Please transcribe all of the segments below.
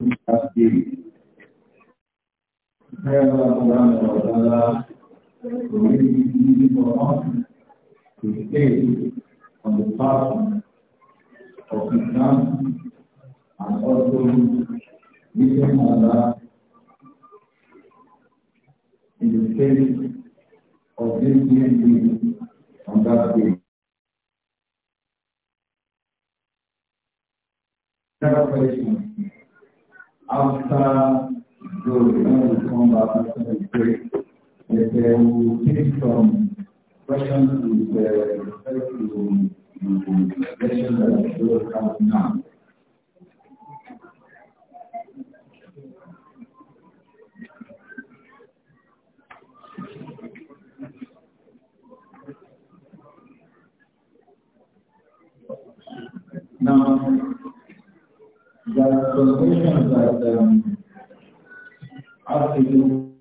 المستقبل هذا سبحانه وتعالى يريد به قرآن to stay on the path of Islam and also meeting Allah in the state of this being on that day. Never question. after the when we come back after the break, we will take some questions with respect to the question that you have now. Now, there are that um, have to do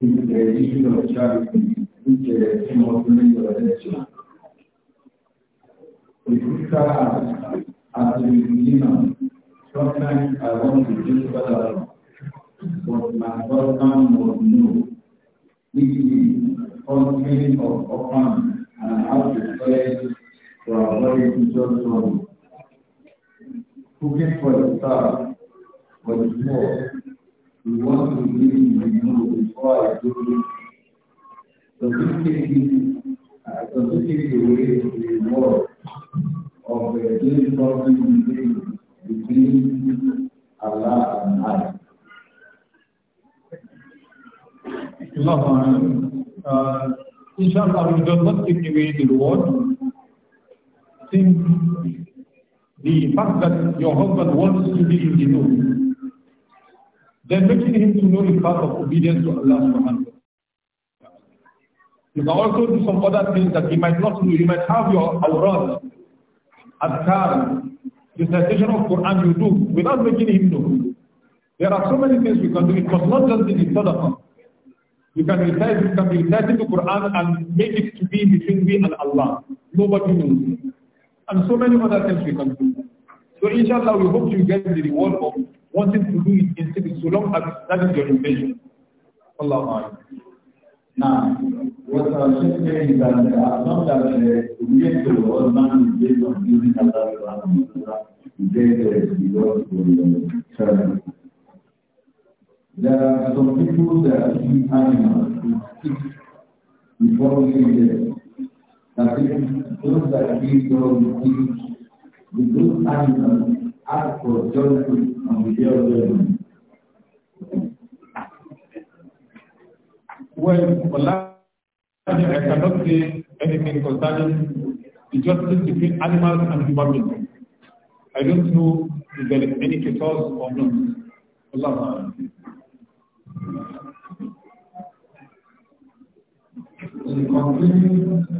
with the issue of charity, which uh, came up during the election. The as a beginner, sometimes I want to do better, but my husband was no. It is is of orphans and how to pray to avoid future trouble cooking for the staff, for the poor. We want to give you know before I do it. Domesticating, uh, domesticating away the war of the doing something between, between Allah and I. Allah, uh, inshallah, we do not give away the reward. Since the fact that your husband wants to be in the know, then making him to know the part of obedience to Allah subhanahu You can also do some other things that he might not know. You might have your awrad, adhkar, recitation of Quran you do without making him know. There are so many things you can do. It must not just be the sadaqah. You can recite, you can be reciting the Quran and make it to be between me and Allah. Nobody knows and so many other things we can do. So inshallah, we hope you get the reward of wanting to do it instead so long as that is your intention. Allah Now, what I was saying is that uh, not that we get to the old man is based on using Allah subhanahu wa ta'ala to get the reward for the charity. There are some people that eat animals, to eat before we get that those that give the good ask for joyful the Well, for last, I cannot say anything concerning the justice between animals and human beings. I don't know if there is any case or not. Allah. In conclusion,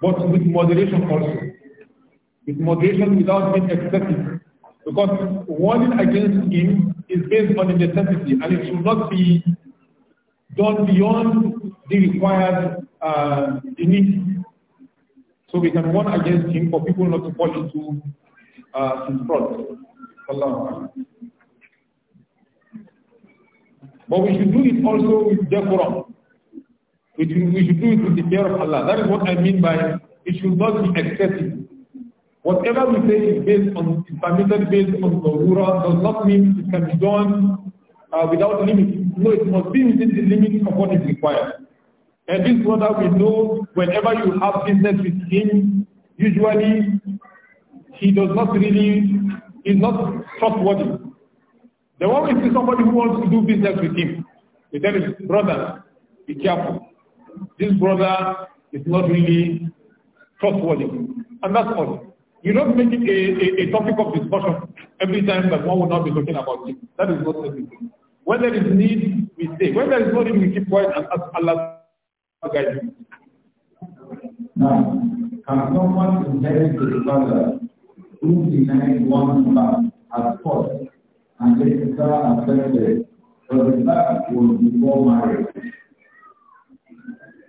but with moderation also. With moderation without being excessive. Because warning against him is based on the necessity and it should not be done beyond the required uh, need. So we can warn against him for people not to fall into uh, his fraud. But we should do it also with decorum. We should, we should do it with the fear of Allah. That is what I mean by it should not be excessive. Whatever we say is based on, is permitted based on Zawura does not mean it can be done uh, without limit. No, it must be within the limit of what is required. And this brother we know whenever you have business with him, usually he does not really, is not trustworthy. The one is somebody who wants to do business with him, we brother, be careful this brother is not really trustworthy. And that's all. You don't make it a, a, a topic of discussion every time that one will not be talking about it. That is not everything. When there is need, we stay. When there is no need, we keep quiet and ask Allah to guide you. Now, can someone inherit his father who denied one man at first and later accepted, but the back was before married?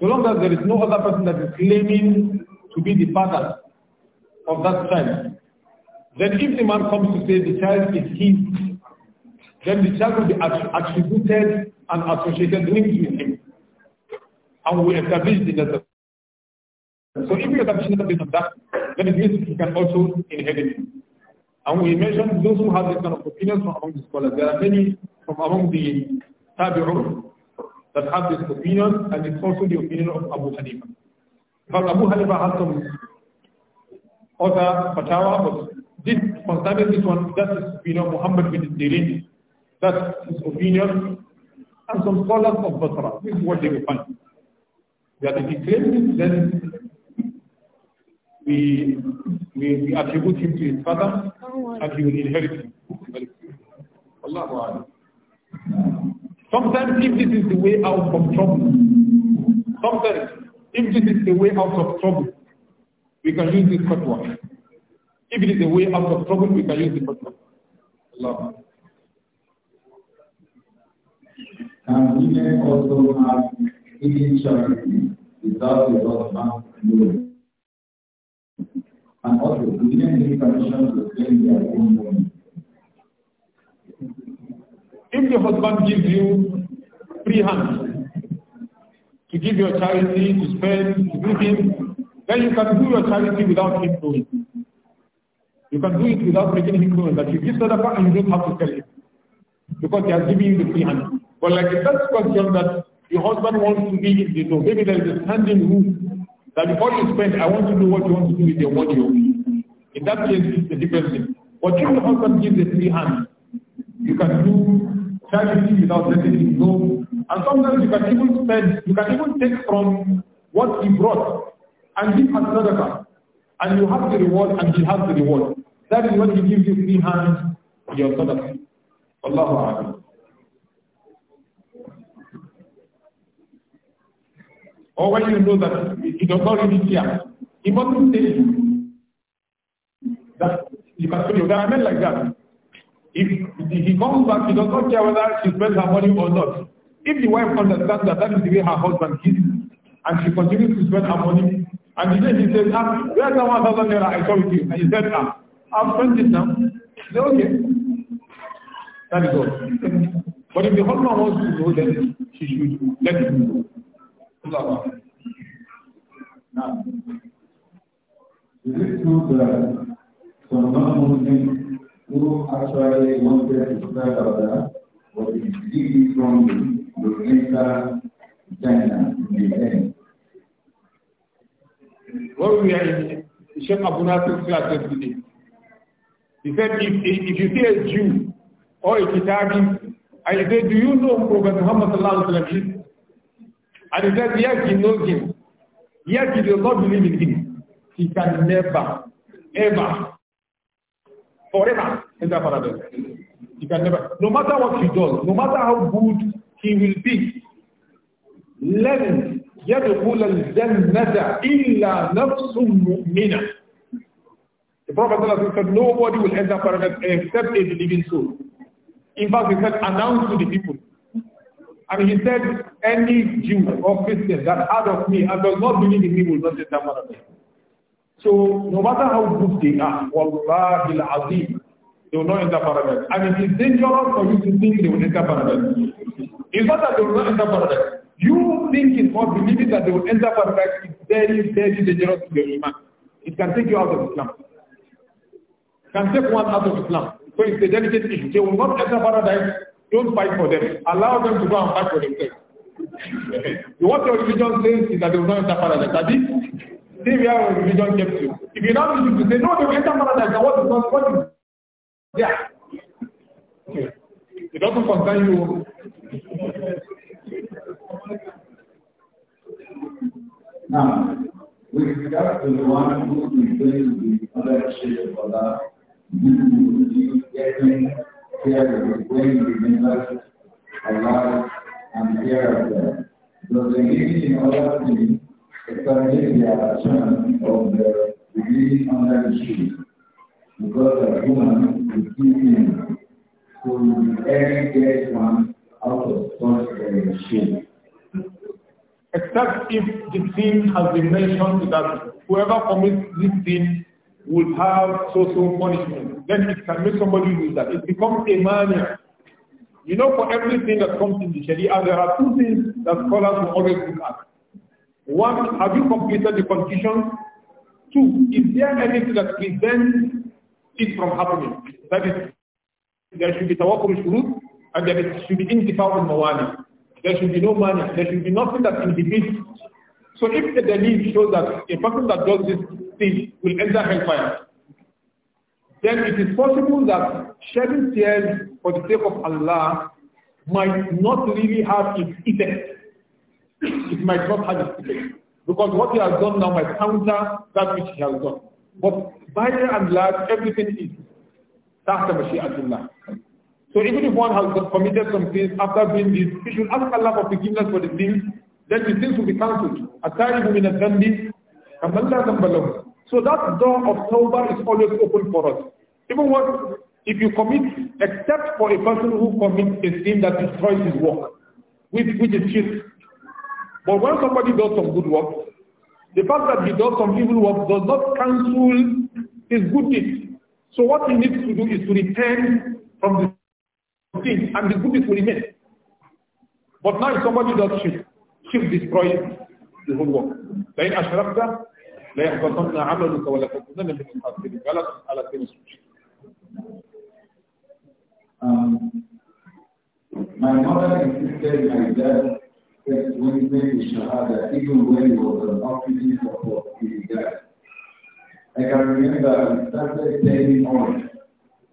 So long as there is no other person that is claiming to be the father of that child, then if the man comes to say the child is his, then the child will be attributed and associated with him. And we establish the letter. So if we establish the based on that, then it means he can also inherit it. And we mentioned those who have this kind of opinions from among the scholars. There are many from among the Tabi'un that have this opinion, and it's also the opinion of Abu Hanifa. But Abu Hanifa has some other fatwa, but this concerning this one, that is you know Muhammad bin Sirin. That's his opinion. And some scholars of Basra. This is what they will find. That if he claims it, then we, we, we attribute him to his father and he will inherit him. Allahu Akbar. Sometimes if this is the way out of trouble, sometimes if this is the way out of trouble, we can use this fatwa. If it is the way out of trouble, we can use the fatwa. Allah. Can may also have hidden charity without the husband knowing? And also, we may need permission to claim their own money? if your husband gives you free hand to give your charity, to spend, to do him, then you can do your charity without him knowing. You can do it without making him know that you give sadaqah and you don't have to tell him. Because he has given you the free hand. But like the first question that your husband wants to be you, know, maybe there is a standing rule that before you spend, I want to know what you want to do with your money. In that case, it's a different thing. But if your husband gives a free hand, you can do charity without letting him know. And sometimes you can even spend, you can even take from what he brought and give as sadaqah. And you have the reward and he has the reward. That is what he gives you three hands, your sadaqah. Allahu Akbar. Or when you know that he does not really care, he mustn't tell that you can tell you. There are men like that. If he comes back, he does not care whether she spends her money or not. If the wife understands that that is the way her husband is, and she continues to spend her money, and then he says, ah, where's the 1,000 naira I saw with you? And he said, ah, I've spent it now. Say, okay. That is all. but if the husband wants to go, then she should let him go. Now. Is it true that some non-Muslims who actually wanted to spread order was really strongly to enter China in the end. What we are Sheikh Abu Nasser said today. He said, if, if you see a Jew or a Kitabi, I said, do you know Prophet Muhammad sallallahu alaihi wasallam? And he said, yes, he knows him. Yes, he does not believe in him. He can never, ever forever in that paradise. You can never, no matter what he does, no matter how good he will be, لن يدخل الجنة إلا نفس The Prophet said, nobody will enter paradise except a believing soul. In fact, he said, announce to the people. And he said, any Jew or Christian that heard of me and does not believe in me will not enter paradise. So no matter how good they are, Wallahi al-Azim, they will not enter paradise. And it is dangerous for you to think they will enter paradise. It's not that they will not enter paradise. You thinking or believing that they will enter paradise is very, very dangerous to your iman. It can take you out of Islam. It can take one out of Islam. So it's a delicate issue. They will not enter paradise. Don't fight for them. Allow them to go and fight for themselves. what your religion says is that they will not enter paradise. That is, stay where your religion kept you. If you don't to say, no, they will enter paradise, what is not, what is there? Okay. It doesn't concern you. Now, with regard to the one who doing the other shape of that, you will be getting care when you remember Allah and care of them. So the meaning of other things currently the son of the degree under the street because a woman is giving to every gets one out of such a shame. Except if the sin has been mentioned that whoever commits this sin would have social punishment, then it can make somebody lose that. It becomes a mania. You know, for everything that comes in the Sharia, there are two things that scholars will always look at. One, have you completed the conditions? Two, is there anything that prevents it from happening? That is, there should be tawakkul shurut and there should be intifa al mawani. There should be no money. There should be nothing that inhibits. So if the delay shows that a person that does this thing will enter hellfire, then it is possible that shedding tears for the sake of Allah might not really have its effect it might not have its place Because what he has done now might counter that which he has done. But by and large, everything is after Mashi'atullah. So even if one has committed some sins after doing this, he should ask Allah for forgiveness for the sins, then the sins will be cancelled. So that door of tawbah is always open for us. Even what, if you commit, except for a person who commits a sin that destroys his work, which, which is shirk, but when somebody does some good work, the fact that he does some evil work does not cancel his good deeds. So what he needs to do is to return from the sin, and the good deeds will remain. But now if somebody does shirk, shirk destroys the whole work. لئن أشركت لا يحبطن عملك ولا تكونن من الخاسرين ولا على سبيل الشرك. my mother insisted my dad kept when Shahada, even when it was an occupant I can remember we started telling on.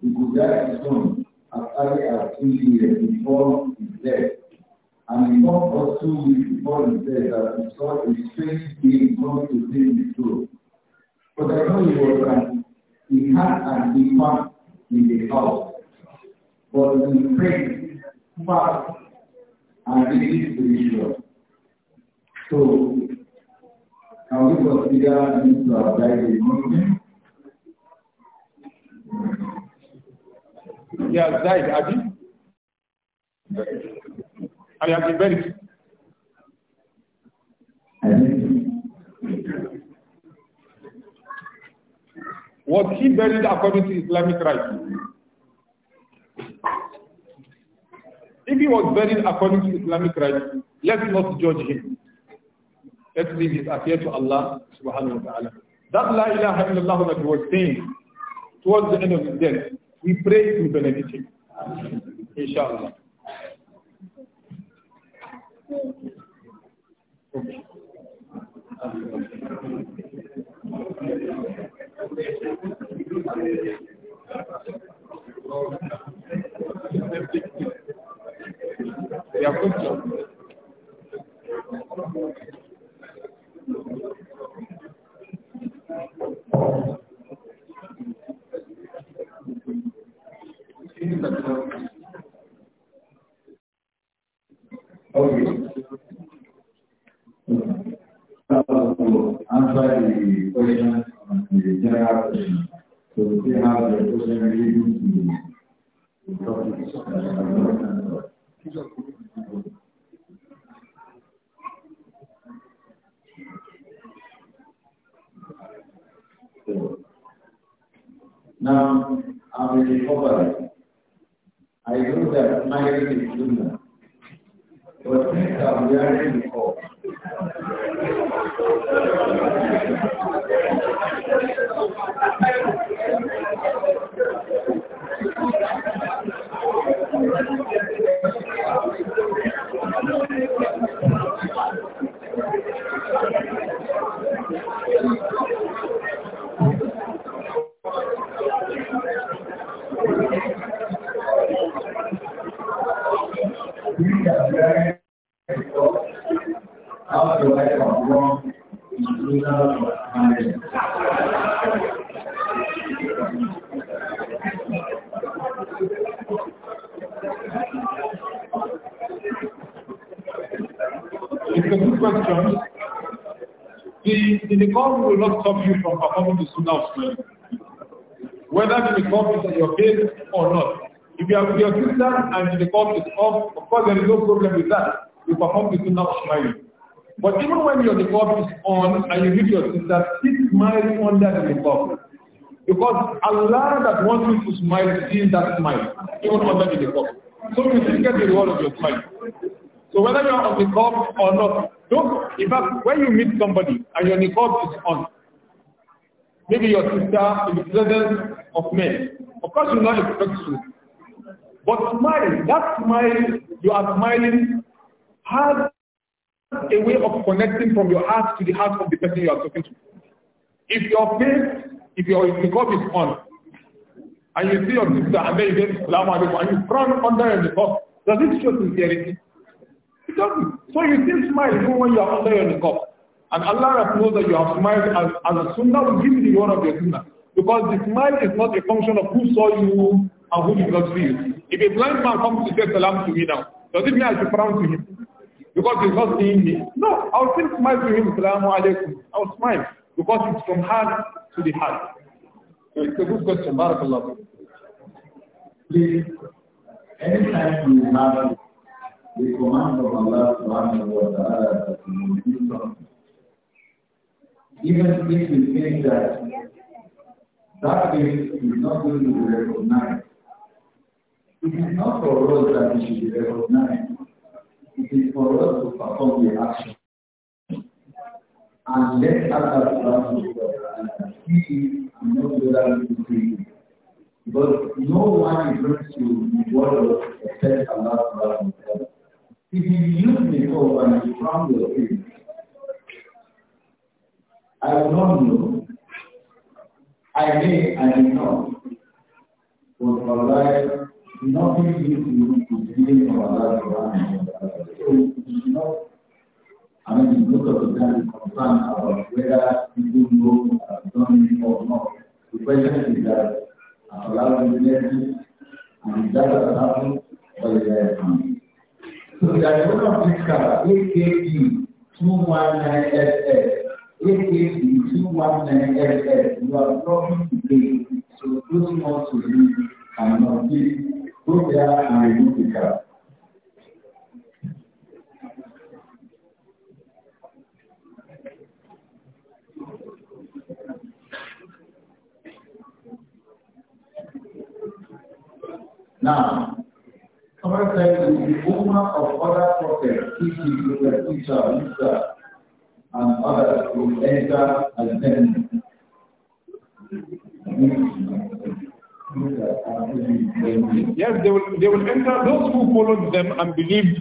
He could die soon, as early as two years before his death. And he thought for two weeks before his death that he saw a strange being come to him his soul. But I know he was an, he had an infant in the house. But he prayed and ability to be sure. So, can we consider this to apply the Muslim? He has died, Abi. And he has been buried. Was he buried according to Islamic rites? If he was buried according to Islamic rites, let's not judge him. Let's leave his affair to Allah subhanahu wa ta'ala. That la ilaha illallah that he was saying towards the end of his death, we pray to benefit him. Inshallah. Okay. e a função. Ok. Então, antes de coordenar, de gerar, sobre o Now of Whether the niqab is on your face or not. If you have your sister and the niqab is off, of course there is no problem with that. You perform the sunnah of smiling. But even when your niqab is on and you meet your sister, keep smiling under the niqab. Because Allah that wants you to smile sees that smile, even under the niqab. So you still get the reward of your smile. So whether you are on the niqab or not, don't, in fact, when you meet somebody and your niqab is on, maybe your sister in the presence of men. Of course, you're not expecting. to. But smiling, that smile you are smiling has a way of connecting from your heart to the heart of the person you are talking to. If your face, if your makeup is on, and you see your sister and then you get salam and you run under your niqab, does it show sincerity? It doesn't. So you still smile even when you are under your makeup. And Allah knows that you have smiled as, as a sunnah will give you the reward of your sunnah. Because the smile is not a function of who saw you and who did not see you. If a blind man comes to say salam to me now, does it mean I should frown to him? Because he's not seeing me. No, I'll still smile to him, salamu alaykum. I'll smile. Because it's from heart to the heart. So it's a good question. Barakallah. Please, anytime you have the command of Allah subhanahu wa ta'ala that you do something, even if we think that that thing is not going to be recognized, it is not for us that it should be recognized. It is for us to perform the action. And let others learn to God and see and not that we see Because no one is going to the world except Allah subhanahu wa ta'ala. If you use the hope and you strong your faith, I do not know. I may, I may not. But for life, nothing gives you the feeling of a life. wa ta'ala. So you not, I mean, most of the time concerned about whether people know something or not. The question is that a lot of you and that has happened for the last time. So the Arizona Flicker AKP 219SS If if you do one NSS, you are not today. So those who want to leave and not leave, go there and remove the car. Now, somebody said the owner of other prophets, teaching the teacher, and others will enter as Yes, they will, they will enter, those who followed them and believed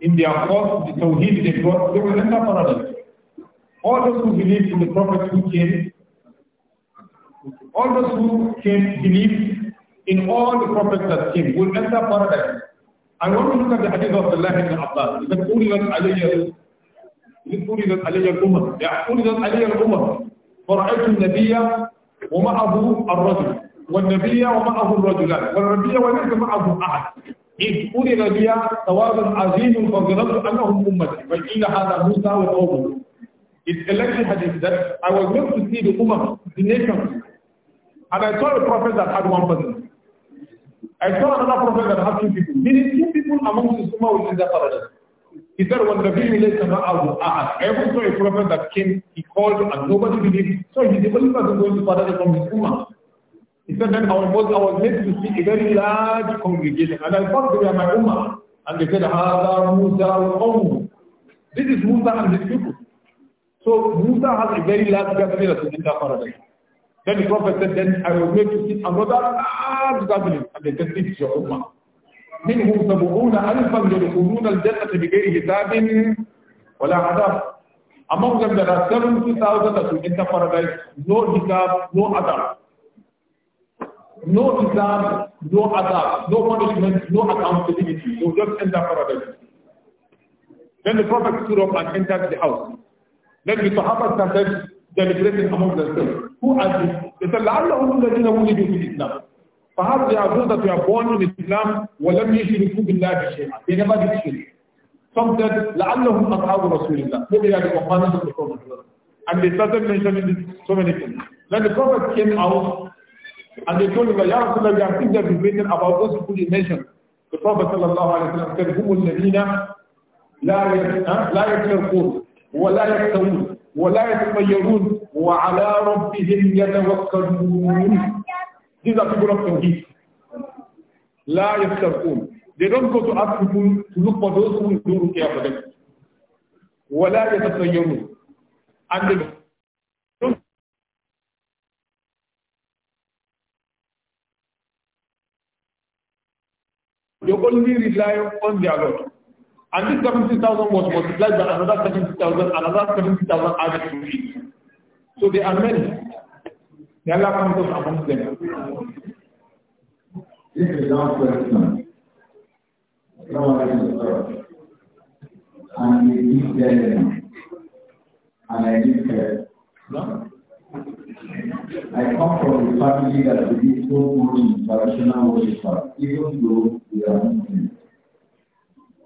in their cause, the Tawheed they brought, they will enter paradise. All those who believed in the prophets who came, all those who came believed in all the prophets that came will enter paradise. I want to look at the hadith of the Lahi ibn Abbas. فرضت علي الأمم يعني فرضت علي الأمم فرأيت النبي ومعه الرجل والنبي ومعه الرجلان والنبي وليس معه أحد إذ فرض لي ثواب عظيم فظننت أنهم أمتي فقيل هذا موسى وقومه It collected hadith that I was meant to see the Ummah, the nation. And I saw a prophet that had one person. I saw another prophet that had two people. Meaning two people amongst the Ummah within enter paradise. He said, when the ahad. Every saw a prophet that came, he called and nobody believed. So he the only person going to father from his ummah. He said, then I was, I was made to see a very large congregation. And I thought they were my ummah. And they said, Hada Musa Qawm. This is Musa and his people. So Musa has a very large gathering that will enter paradise. Then the prophet said, then I was made to see another large gathering. And they said, this is your ummah. منهم سبعون ألفا يدخلون الجنة بغير حساب ولا عذاب Among them there are 70,000 that will enter paradise, no hisab, no adab. No hisab, no adab, no punishment, no accountability. you will just enter paradise. Then the Prophet stood up and entered the house. Then the Sahaba started deliberating among themselves. Who are these? They said, لَعَلَّهُمُ الَّذِينَ وُلِدُوا فِي الْإِسْلَامِ فهذا يعظون في أخوان الإسلام ولم يشركوا بالله شيئا يعني ما تشرك something لعلهم أصحاب رسول الله maybe they are companions of and they started mentioning so many things then the Prophet came out and they told him يا رسول الله we are still debating about those people you mentioned the Prophet صلى الله عليه وسلم said هم الذين لا لا يتلقون ولا يكتوون ولا يتطيرون وعلى ربهم يتوكلون These are people of Tawheed. La yastarqun. They don't go to ask people to look for those who do care for them. Wala yatasayyarun. And they don't They only rely on their Lord. And this 70,000 was multiplied by another 70,000, another 70,000 added to it. So they are many. May Allah come to us amongst them. This is our question. And we keep them. And I did care. I come from a family that believes so much in traditional worship, even though we are Muslims.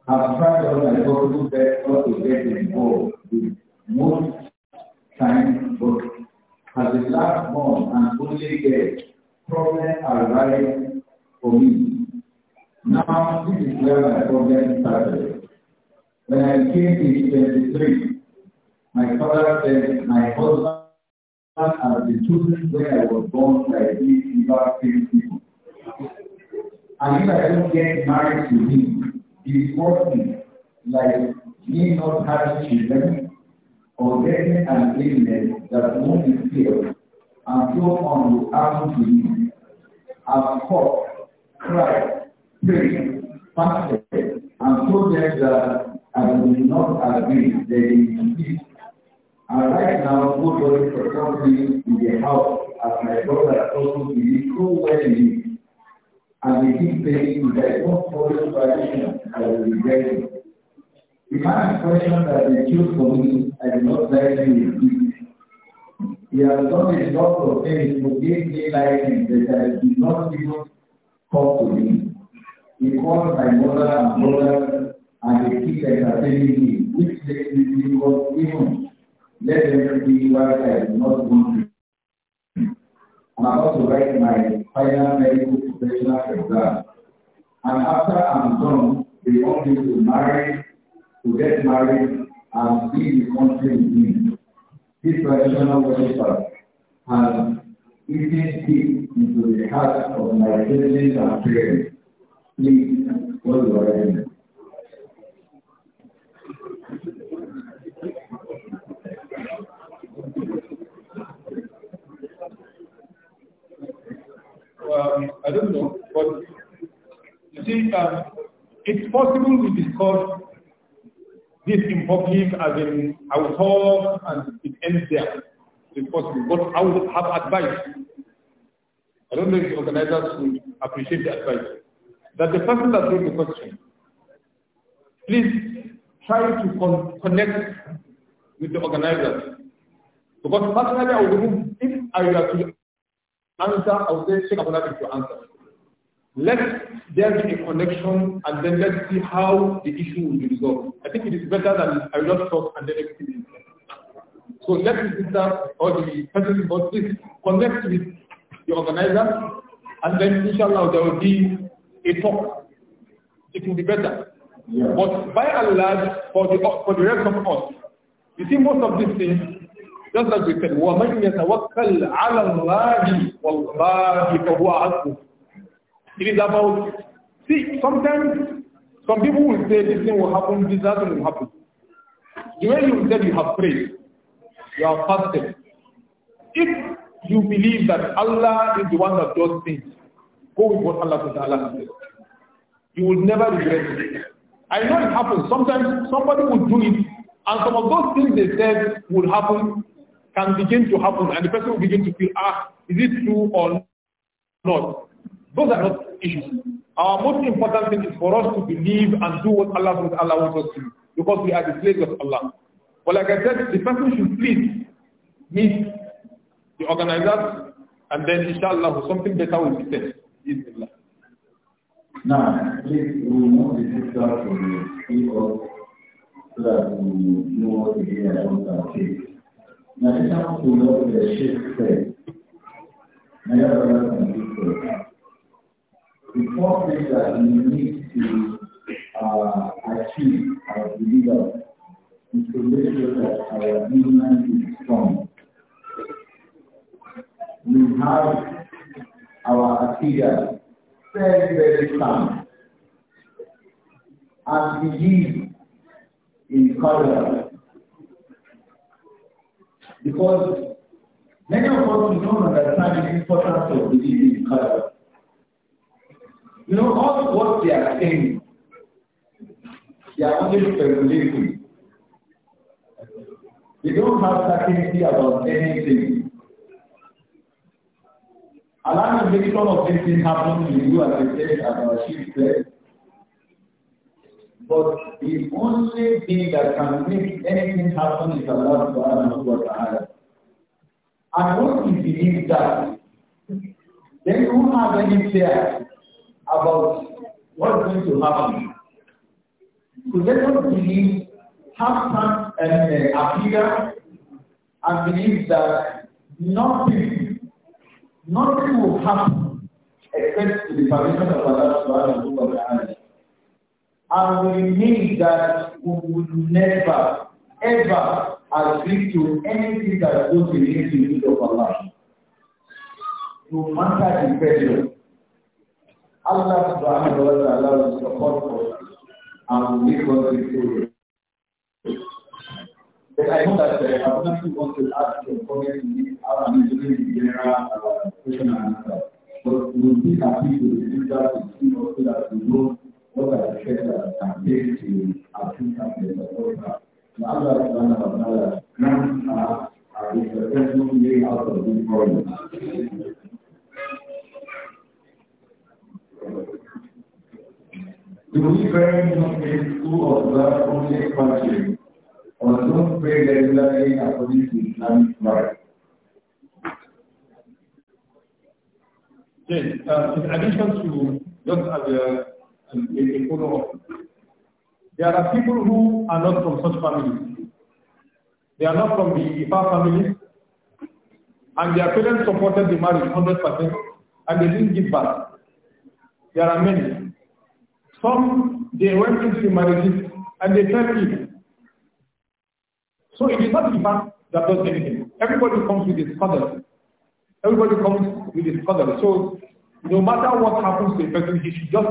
I've tried all my possible best not to get involved with most times, but as the last born and only girl, problems arise for me. Now, this is where my problem started. When I came in 23, my father said my husband and the children where I was born like this, fever people. And if I don't get married to him, he's working like me not having children ordaining and illness that won't be healed, and go on without belief, have fought, cried, prayed, fasted, and told them that I will not agree that they will And right now, nobody for something in the house, as my brother also believed so well in me. And they keep saying, if I don't follow tradition, I will regret it. The kind of question that they choose for me, I do not like to repeat. He has done a lot of things to give me lightning that I did not even talk to me. He calls my mother and brother and they keep entertaining me, which makes me difficult even. Let them be what I do not want to I'm about to write my final medical professional exam. And after I'm done, they want me to marry to get married and be in the country in This traditional worshipper has eaten deep into the heart of my feelings and prayers. Please, what do I mean? Um, I don't know, but you see, um, it's possible we discuss this in public as in I will talk and it ends there. It's possible. But I would have advice. I don't know if the organizers would appreciate the advice. That the person that wrote the question, please try to con connect with the organizers. Because personally I would, if I were to answer, I would say, Sheikh Abdullah, if you answer. Let there be a connection and then let's see how the issue will be resolved. I think it is better than I will not talk and then experience. So let the sister or the person involved please connect with the organizer and then inshallah there will be a talk. It will be better. Yeah. But by and large, for the, for the rest of us, you see most of these things, just like we said, وَمَنْ يَتَوَكَّلْ عَلَى اللَّهِ وَاللَّهِ فَهُوَ عَزْمُهُ it is about, see, sometimes some people will say this thing will happen, this doesn't will happen. The way you said you have prayed, you have fasted. If you believe that Allah is the one that does things, go with what Allah Ta'ala says. You will never regret it. I know it happens. Sometimes somebody will do it, and some of those things they said will happen can begin to happen, and the person will begin to feel, ah, is it true or not? Those are not issues. Our most important thing is for us to believe and do what Allah, what Allah wants us to do because we are the slaves of Allah. But like I said, the person should please meet the organizers and then inshallah something better will be said. Now, please, we move the picture to the so that we know what we we Now, to know the May Allah the four things that we need to uh, achieve as believers is to make sure that our iman is strong. We have our akida very, very sound and believe in color. Because many of us don't understand the importance of believing in color. You know, all what they are saying, they are only speculating. They don't have certainty about anything. Allah will some of these things happen to you as I said, as our chief said. But the only thing that can make anything happen is Allah subhanahu wa ta'ala. And once you believe that, then you won't have any fear about what's going to happen. to us believe have some and uh, appear and believe that nothing, nothing will happen except to the permission of Allah subhanahu wa ta'ala. And we mean that we will never, ever agree to anything that goes against the will of Allah. No matter the pressure, Allah subhanahu wa ta'ala will support us and make us victorious. I know that uh, I want to want to ask your comment in this hour and general uh, question and answer. But we'll be happy to receive that to see also that we know what are the threats that can take to achieve something of we have. And Allah subhanahu wa ta'ala grants us a professional way out of this problem. Do we pray in to observe only partially, or don't pray regularly according to Islamic right? Yes, uh, in addition to just as a, a, a follow-up, there are people who are not from such families. They are not from the Ifa families, and their parents supported the marriage 100%, and they didn't give back. There are many. Some, they went into marriages and they fell ill. So it is not the fact that does anything. Everybody comes with his father. Everybody comes with his father. So no matter what happens to a person, he should just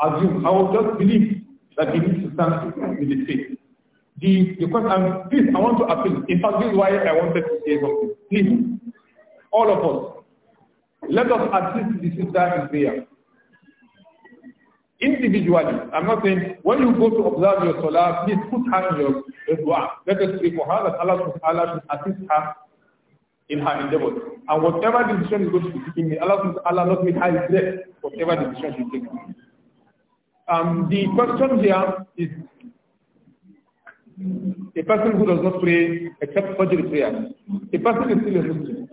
assume, I will just believe that he needs to stand with his faith. The, the question, and please, I want to appeal. In fact, this is why I wanted to say something. Please, all of us, let us assist the sister in prayer individually. I'm not saying when you go to observe your salah, please put her in your, dua. Let us pray for her that Allah subhanahu wa should assist her in her endeavors. And whatever decision is going to be taken, Allah Allah not make her regret whatever decision she takes. Um, the question here is a person who does not pray except Fajr prayer, a person is still a Muslim.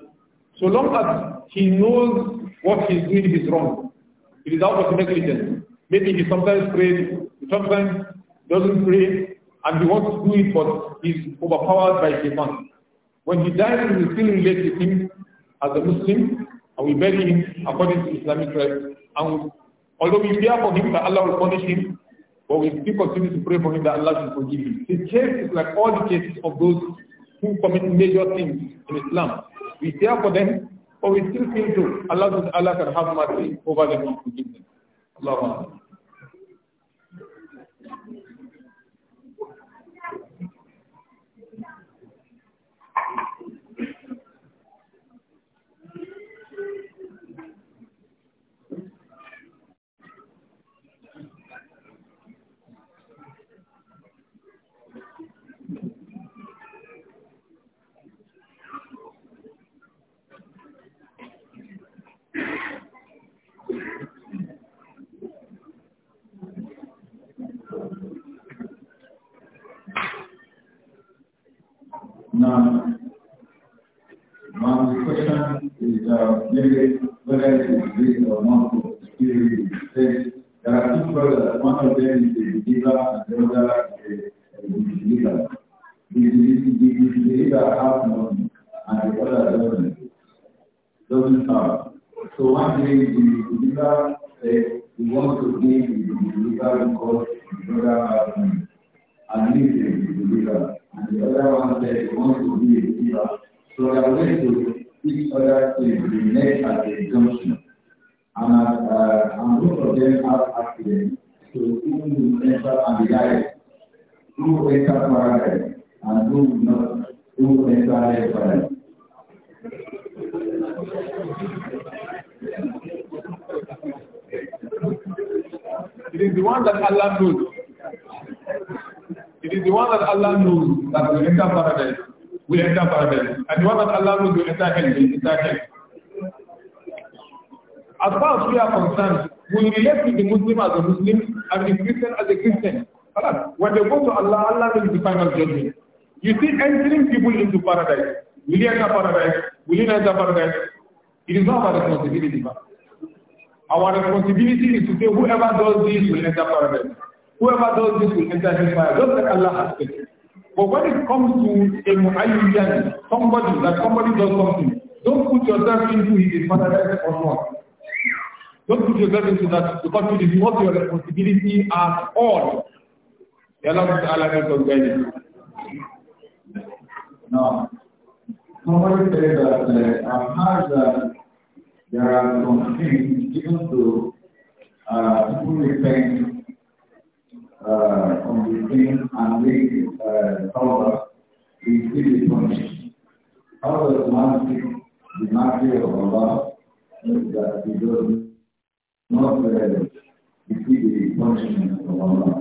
So long as he knows what he is doing is wrong, it is out of negligence. Maybe he sometimes prays, he sometimes doesn't pray, and he wants to do it, but he's overpowered by Satan. When he dies, we still relate to him as a Muslim, and we bury him according to Islamic rites. And although we fear for him that Allah will punish him, but we still continue to pray for him that Allah should forgive him. His case is like all the cases of those who commit major sins in Islam. We fear for them, but we still continue to oh, Allah, Allah can have mercy over them and forgive them. اللهم Now, now the question is uh, maybe is the one that Allah knows that will enter paradise, will enter paradise. And the one that Allah knows will enter hell, will enter hell. As far as we are concerned, we relate with the Muslim as a Muslim and the Christian as a Christian. When they go to Allah, Allah will the final judgment. You see, entering people into paradise. Will you enter paradise? Will enter paradise? It is not our responsibility. Our responsibility is to say whoever does this will enter paradise. Whoever does this will enter his fire, just like Allah has said. But when it comes to a mu'ayyan, somebody, that somebody does something, don't put yourself into his paradise or not. Don't put yourself into that because it is not your responsibility at all. Allah Now, somebody said that uh, I've heard that there are some things given to uh, people repent uh, on uh, the same and make uh, cover is still punished. How does one see the mercy of Allah that he does not uh, receive the punishment of Allah?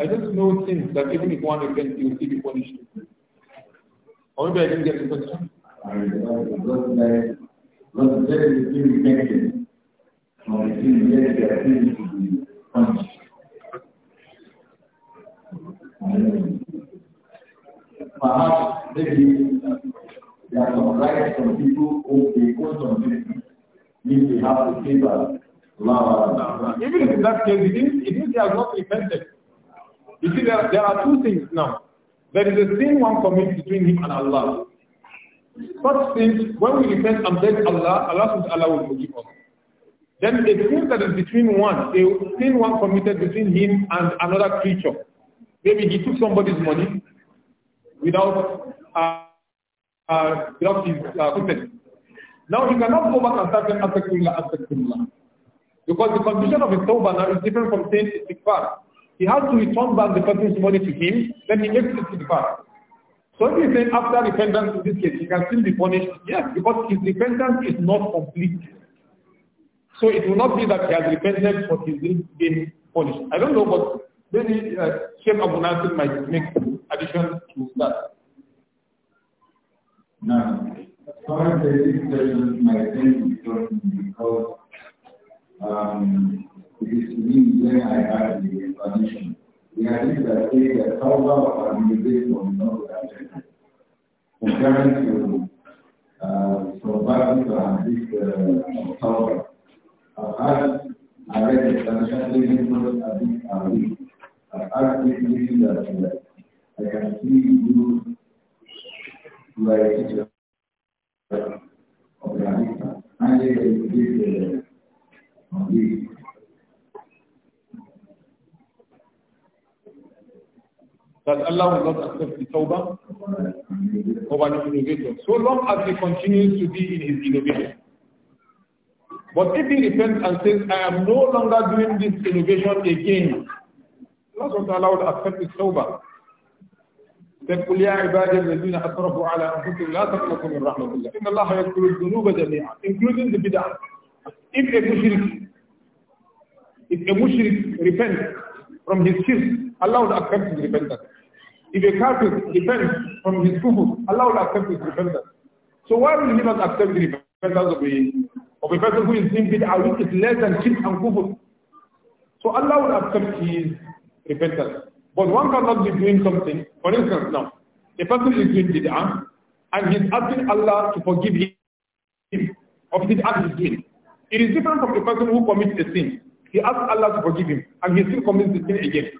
I don't know things that even if one repents, you will see the punishment. Or maybe I didn't get the question and to be punished. Perhaps maybe there are rights people who they have to Even that not repented. You see, there, there are two things now. There is a sin one commits between him and Allah. Such things, when we repent and beg Allah, Allah Allah will forgive us. Then a sin that is between one, a sin one committed between him and another creature. Maybe he took somebody's money without uh, uh, without his uh, consent. Now he cannot go back and start saying Astaghfirullah, Astaghfirullah. Because the condition of his tawbah now is different from saying istighfar. He has to return back the person's money to him, then he makes past. So if you say after repentance in this case, he can still be punished, yes, because his repentance is not complete. So it will not be that he has repented but he is being punished. I don't know, but maybe uh, Sheikh Abu Nasir might make addition to that. Now, as far as the discussion, my attention is because um, it is to me when I had the explanation. يعني بقى ايه الثوره والميزيشن والنظر العشان وكانت صوبات عندك ثوره أفعال عادات أنا شكلي من أبيك أبيك أفعال تجري إلى I can see you like of the Anita. And they did the that Allah will not accept the tawbah of an innovator, so long as he continues to be in his innovation. But if he repents and says, I am no longer doing this innovation again, Allah SWT will accept his tawbah. قل يا عبادي الذين اسرفوا على انفسهم لا تقنطوا من رحمه الله ان الله يغفر الذنوب جميعا including the bid'ah if a mushrik if a mushrik repents from his sins Allah will accept his repentance if a person repents from his kufr, Allah will accept his repentance. So why will he not accept the repentance of a, of a person who is in bid'ah, which is less than and kufr? So Allah will accept his repentance. But one cannot be doing something. For instance, now, a person is doing bid'ah, and he's asking Allah to forgive him of his act he's doing. It is different from a person who commits a sin. He asks Allah to forgive him, and he still commits the sin again.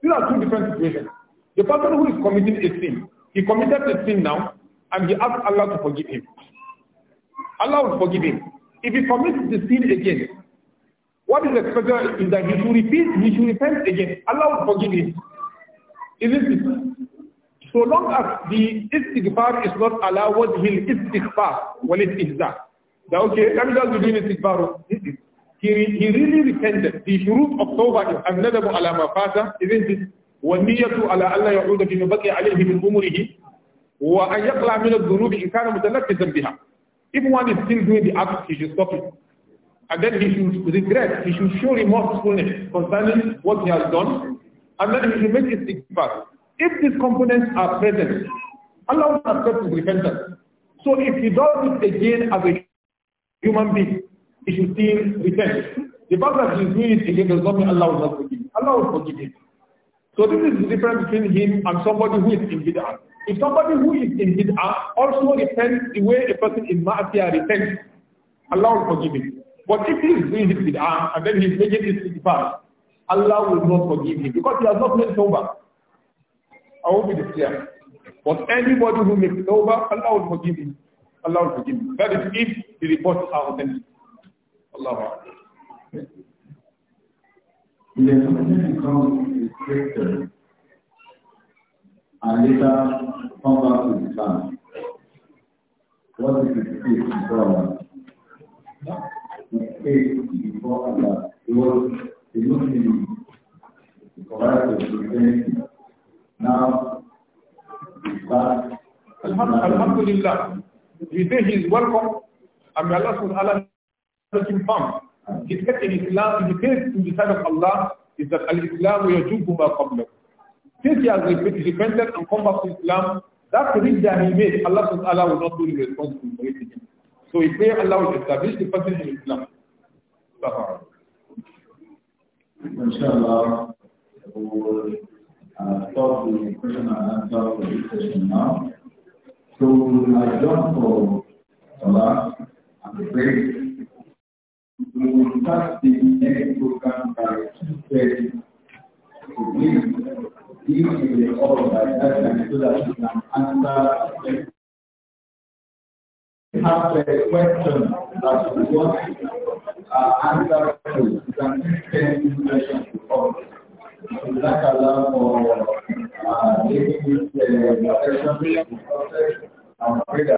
These are two different situations. The person who is committing a sin, he committed a sin now, and he asked Allah to forgive him. Allah will forgive him. If he commits the sin again, what is expected is that he should repeat, he should repent again. Allah will forgive him. Isn't it? So long as the istighfar is not allowed, he'll istighfar, well, it is that. That okay, let me just be this istighfar. He, he really repented. The shuruf of Tawbah is another ala isn't it? والنية على ألا يعود بما بقي عليه من عمره وأن يقلع من الذنوب إن كان متلبسا بها. If one is still doing the act, he should stop it. And then he should regret, he should show remorsefulness concerning what he has done, and then he should make his istighfar. If these components are present, Allah will accept his repentance. So if he does it again as a human being, he should still repent. The fact that he is doing it again does not mean Allah will not forgive him. Allah will forgive him. So this is the difference between him and somebody who is in bid'ah. If somebody who is in bid'ah also repents the way a person in ma'asiyah repents, Allah will forgive him. But if he is doing his bid'ah and then he is making his bid'ah, Allah will not forgive him because he has not made tawbah. I will be clear. But anybody who makes tawbah, Allah will forgive him. Allah will forgive him. That is if the reports are authentic. Allah in the community to the Christian and later come back to Islam. What is his faith before Allah? His faith before that? He was a Muslim. He provided the Christianity. Now, he's back. Alhamdulillah. He say he is welcome i may Allah subhanahu wa ta'ala make It takes in Islam, if it takes to the side of Allah, is that al-Islam yajubu ma qabla. Since he has repented and come back to Islam, that risk that he made, Allah subhanahu will not be responsible for it again. So we pray Allah will establish the person in Islam. Sahara. Inshallah, we will uh, stop the question and answer for this session now. So we will adjourn for Salah and the praise. we will start the next program by 2.30 to give you the call by that time so that have a question that you want uh, answer to, can send questions to us. So that allows for uh, taking this uh, session and pray